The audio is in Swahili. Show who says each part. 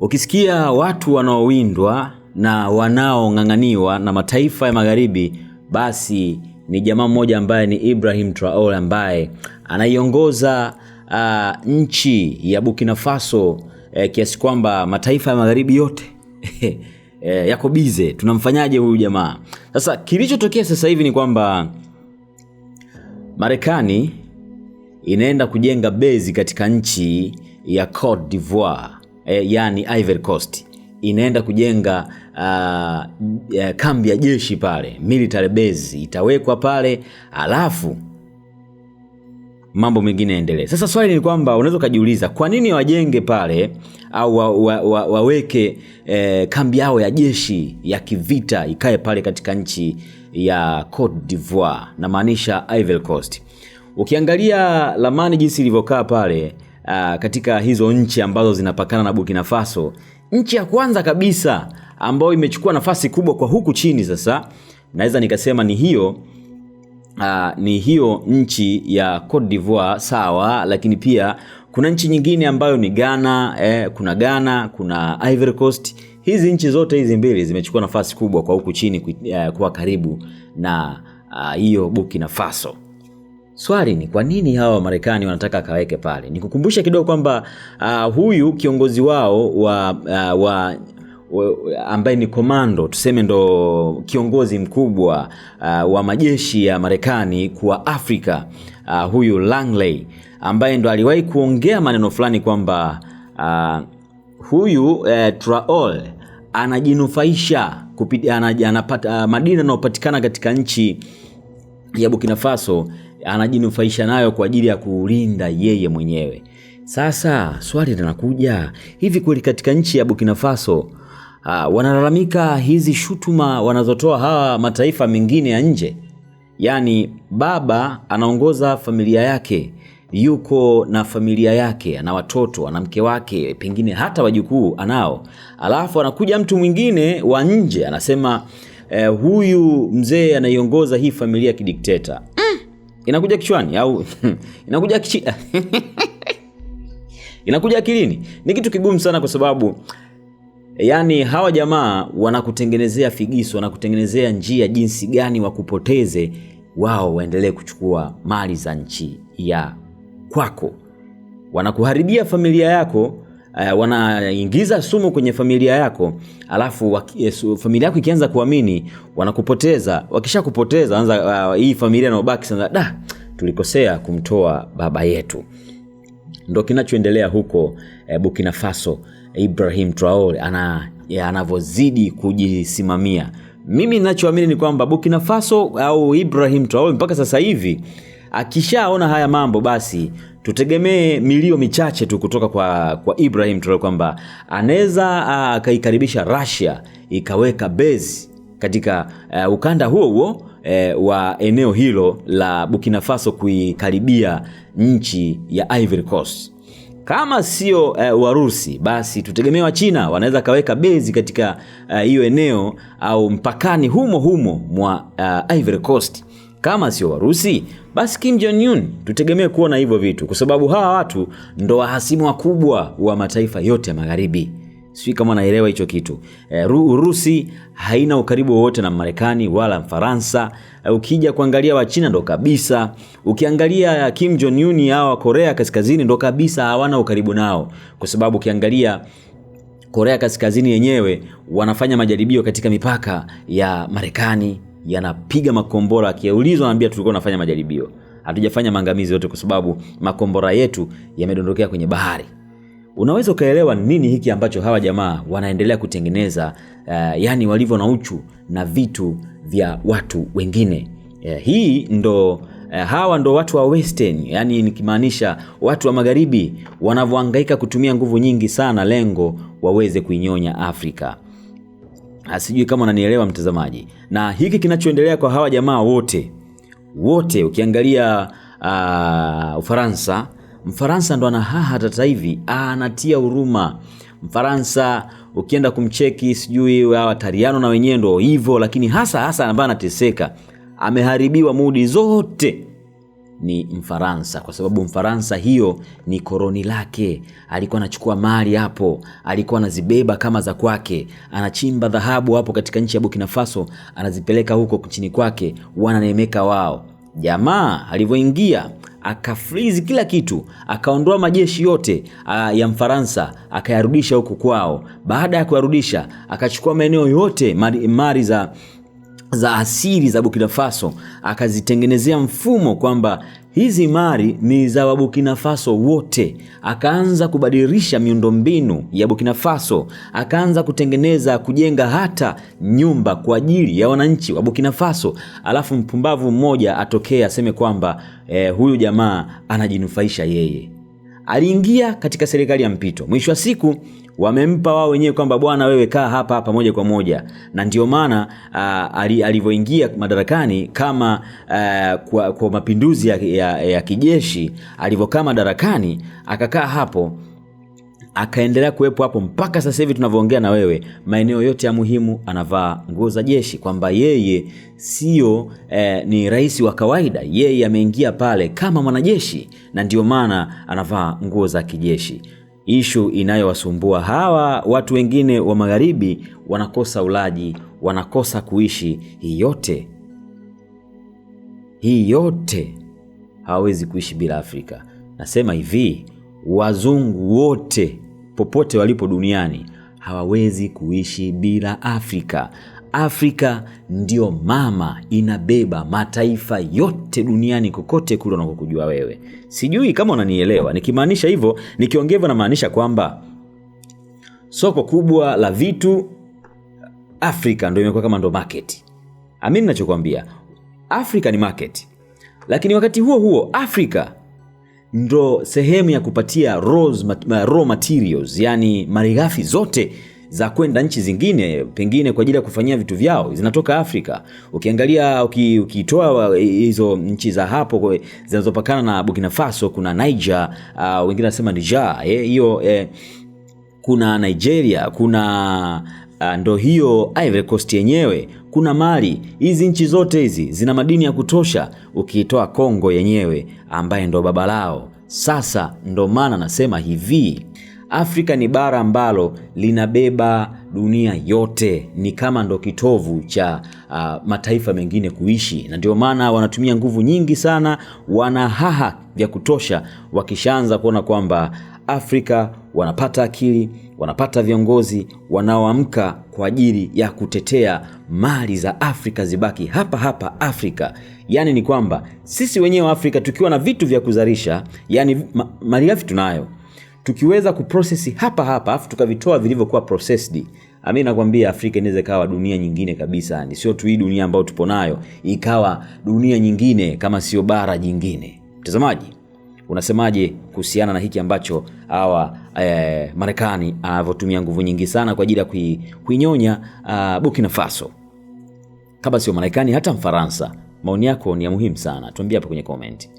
Speaker 1: Ukisikia watu wanaowindwa na wanaong'ang'aniwa na mataifa ya magharibi, basi ni jamaa mmoja ambaye ni Ibrahim Traore ambaye anaiongoza uh, nchi ya Burkina Faso eh, kiasi kwamba mataifa ya magharibi yote eh, yako bize, tunamfanyaje huyu jamaa? Sasa kilichotokea sasa hivi ni kwamba Marekani inaenda kujenga bezi katika nchi ya Cote d'Ivoire eh, yani Ivory Coast inaenda kujenga uh, uh, kambi ya jeshi pale, military base itawekwa pale, alafu mambo mengine yaendelee. Sasa swali ni kwamba unaweza ukajiuliza kwa nini wajenge pale au wa, wa, wa, waweke eh, kambi yao ya jeshi ya kivita ikae pale katika nchi ya Cote d'Ivoire, na maanisha Ivory Coast. Ukiangalia lamani jinsi ilivyokaa pale uh, katika hizo nchi ambazo zinapakana na Burkina Faso, nchi ya kwanza kabisa ambayo imechukua nafasi kubwa kwa huku chini sasa naweza nikasema ni hiyo uh, ni hiyo nchi ya Cote d'Ivoire sawa, lakini pia kuna nchi nyingine ambayo ni Ghana eh, kuna Ghana, kuna Ivory Coast. Hizi nchi zote hizi mbili zimechukua nafasi kubwa kwa huku chini, uh, eh, kwa karibu na ah, hiyo uh, Burkina Faso. Swali ni kwa nini hawa Wamarekani wanataka akaweke pale? Nikukumbusha kidogo kwamba uh, huyu kiongozi wao wa, uh, wa ambaye ni komando tuseme ndo kiongozi mkubwa uh, wa majeshi ya Marekani kwa Afrika uh, huyu Langley ambaye ndo aliwahi kuongea maneno fulani kwamba uh, huyu uh, eh, Traol anajinufaisha anapata uh, madini yanayopatikana katika nchi ya Burkina Faso anajinufaisha nayo kwa ajili ya kulinda yeye mwenyewe. Sasa swali linakuja, hivi kweli katika nchi ya Burkina Faso uh, wanalalamika hizi shutuma wanazotoa hawa mataifa mengine ya nje? Yaani baba anaongoza familia yake, yuko na familia yake, ana watoto, ana mke wake, pengine hata wajukuu anao, alafu anakuja mtu mwingine wa nje anasema eh, huyu mzee anaiongoza hii familia ya kidikteta mm. Inakuja kichwani au inakuja kichi... inakuja akilini? Ni kitu kigumu sana kwa sababu yani hawa jamaa wanakutengenezea figiso wanakutengenezea njia jinsi gani wakupoteze wao waendelee kuchukua mali za nchi ya kwako, wanakuharibia familia yako uh, wanaingiza sumu kwenye familia yako, alafu waki, eh, familia yako ikianza kuamini wanakupoteza. Wakishakupoteza anza uh, hii familia inayobaki sasa, da, tulikosea kumtoa baba yetu. Ndo kinachoendelea huko eh, Burkina Faso. Ibrahim Traore ana eh, anavyozidi kujisimamia, mimi ninachoamini ni kwamba Burkina Faso au Ibrahim Traore mpaka sasa hivi Akishaona haya mambo, basi tutegemee milio michache tu kutoka kwa, kwa Ibrahim tu kwamba anaweza akaikaribisha Russia ikaweka base katika uh, ukanda huo huo uh, wa eneo hilo la Burkina Faso kuikaribia nchi ya Ivory Coast. Kama sio e, uh, Warusi basi tutegemee wa China wanaweza kaweka bezi katika e, hiyo uh, eneo au mpakani humo humo mwa uh, Ivory Coast kama sio Warusi, basi Kim Jong Un tutegemee kuona hivyo vitu, kwa sababu hawa watu ndo wahasimu wakubwa wa mataifa yote ya magharibi. Sijui kama naelewa hicho kitu. E, Urusi haina ukaribu wowote na Marekani wala Mfaransa. E, ukija kuangalia Wachina ndo kabisa, ukiangalia Kim Jong Un hawa Korea Kaskazini ndo kabisa hawana ukaribu nao, kwa sababu ukiangalia Korea Kaskazini yenyewe wanafanya majaribio katika mipaka ya Marekani yanapiga makombora, akiulizwa anaambia tulikuwa tunafanya majaribio, hatujafanya maangamizi yote, kwa sababu makombora yetu yamedondokea kwenye bahari. Unaweza ukaelewa nini hiki ambacho hawa jamaa wanaendelea kutengeneza uh, yani walivyo na uchu na vitu vya watu wengine. Uh, hii ndo uh, hawa ndo watu wa western, yani nikimaanisha watu wa magharibi wanavyohangaika kutumia nguvu nyingi sana, lengo waweze kuinyonya Afrika. Ah, sijui kama unanielewa mtazamaji, na hiki kinachoendelea kwa hawa jamaa wote wote, ukiangalia uh, Ufaransa, Mfaransa ndo ana haha sasa hivi anatia huruma Mfaransa ukienda kumcheki sijui Wataliano na wenyewe ndo hivyo, lakini hasa hasa ambaye anateseka ameharibiwa mudi zote ni Mfaransa, kwa sababu Mfaransa hiyo ni koloni lake. Alikuwa anachukua mali hapo, alikuwa anazibeba kama za kwake, anachimba dhahabu hapo katika nchi ya Burkina Faso, anazipeleka huko nchini kwake, wananemeka wao. Jamaa alivyoingia akafrizi kila kitu, akaondoa majeshi yote a, ah, ya Mfaransa akayarudisha huko kwao. Baada ya kuyarudisha, akachukua maeneo yote mali za za asili za Burkina Faso, akazitengenezea mfumo kwamba hizi mali ni za Burkina Faso wote. Akaanza kubadilisha miundombinu ya Burkina Faso, akaanza kutengeneza kujenga hata nyumba kwa ajili ya wananchi wa Burkina Faso. Alafu mpumbavu mmoja atokee aseme kwamba eh, huyu jamaa anajinufaisha yeye. Aliingia katika serikali ya mpito, mwisho wa siku wamempa wao wenyewe kwamba bwana, wewe kaa hapa hapa moja kwa moja, na ndio maana uh, alivyoingia madarakani kama uh, kwa, kwa mapinduzi ya, ya, ya kijeshi, alivyokaa madarakani akakaa hapo akaendelea kuwepo hapo mpaka sasa hivi tunavyoongea na wewe, maeneo yote ya muhimu anavaa nguo za jeshi, kwamba yeye sio eh, ni rais wa kawaida. Yeye ameingia pale kama mwanajeshi, na ndio maana anavaa nguo za kijeshi ishu inayowasumbua hawa watu wengine wa magharibi, wanakosa ulaji, wanakosa kuishi. Hii yote hii yote hawawezi kuishi bila Afrika. Nasema hivi, wazungu wote popote walipo duniani hawawezi kuishi bila Afrika. Afrika ndio mama, inabeba mataifa yote duniani kokote kule unakokujua wewe. Sijui kama unanielewa nikimaanisha hivyo. Nikiongea hivyo namaanisha kwamba soko kubwa la vitu Afrika ndo imekuwa kama ndo market. Amini nachokwambia, Afrika ni market, lakini wakati huo huo Afrika ndo sehemu ya kupatia raw materials, yani malighafi zote za kwenda nchi zingine pengine kwa ajili ya kufanyia vitu vyao zinatoka Afrika. Ukiangalia ukitoa uki eh, hizo nchi za hapo zinazopakana na Burkina Faso kuna Niger, uh, wengine wanasema Niger eh, hiyo eh, eh, kuna Nigeria kuna uh, ah, ndo hiyo Ivory Coast yenyewe kuna Mali. Hizi nchi zote hizi zina madini ya kutosha, ukiitoa Kongo yenyewe ambaye ndo baba lao. Sasa ndo maana nasema hivi Afrika ni bara ambalo linabeba dunia yote, ni kama ndo kitovu cha uh, mataifa mengine kuishi, na ndio maana wanatumia nguvu nyingi sana, wana haha vya kutosha, wakishaanza kuona kwamba Afrika wanapata akili, wanapata viongozi wanaoamka kwa ajili ya kutetea mali za Afrika zibaki hapa hapa Afrika. Yaani ni kwamba sisi wenyewe Afrika tukiwa na vitu vya kuzalisha, yani malighafi tunayo tukiweza kuprocess hapa hapa afu tukavitoa vilivyokuwa processed Ami ah, nakwambia Afrika inaweza ikawa dunia nyingine kabisa, ni sio tu hii dunia ambayo tupo nayo, ikawa dunia nyingine kama sio bara jingine. Mtazamaji, unasemaje kuhusiana na hiki ambacho hawa e, Marekani anavyotumia nguvu nyingi sana kwa ajili ya kui, kuinyonya ah, Burkina Faso? Kama sio Marekani hata Mfaransa. Maoni yako ni ya muhimu sana, tuambie hapo kwenye komenti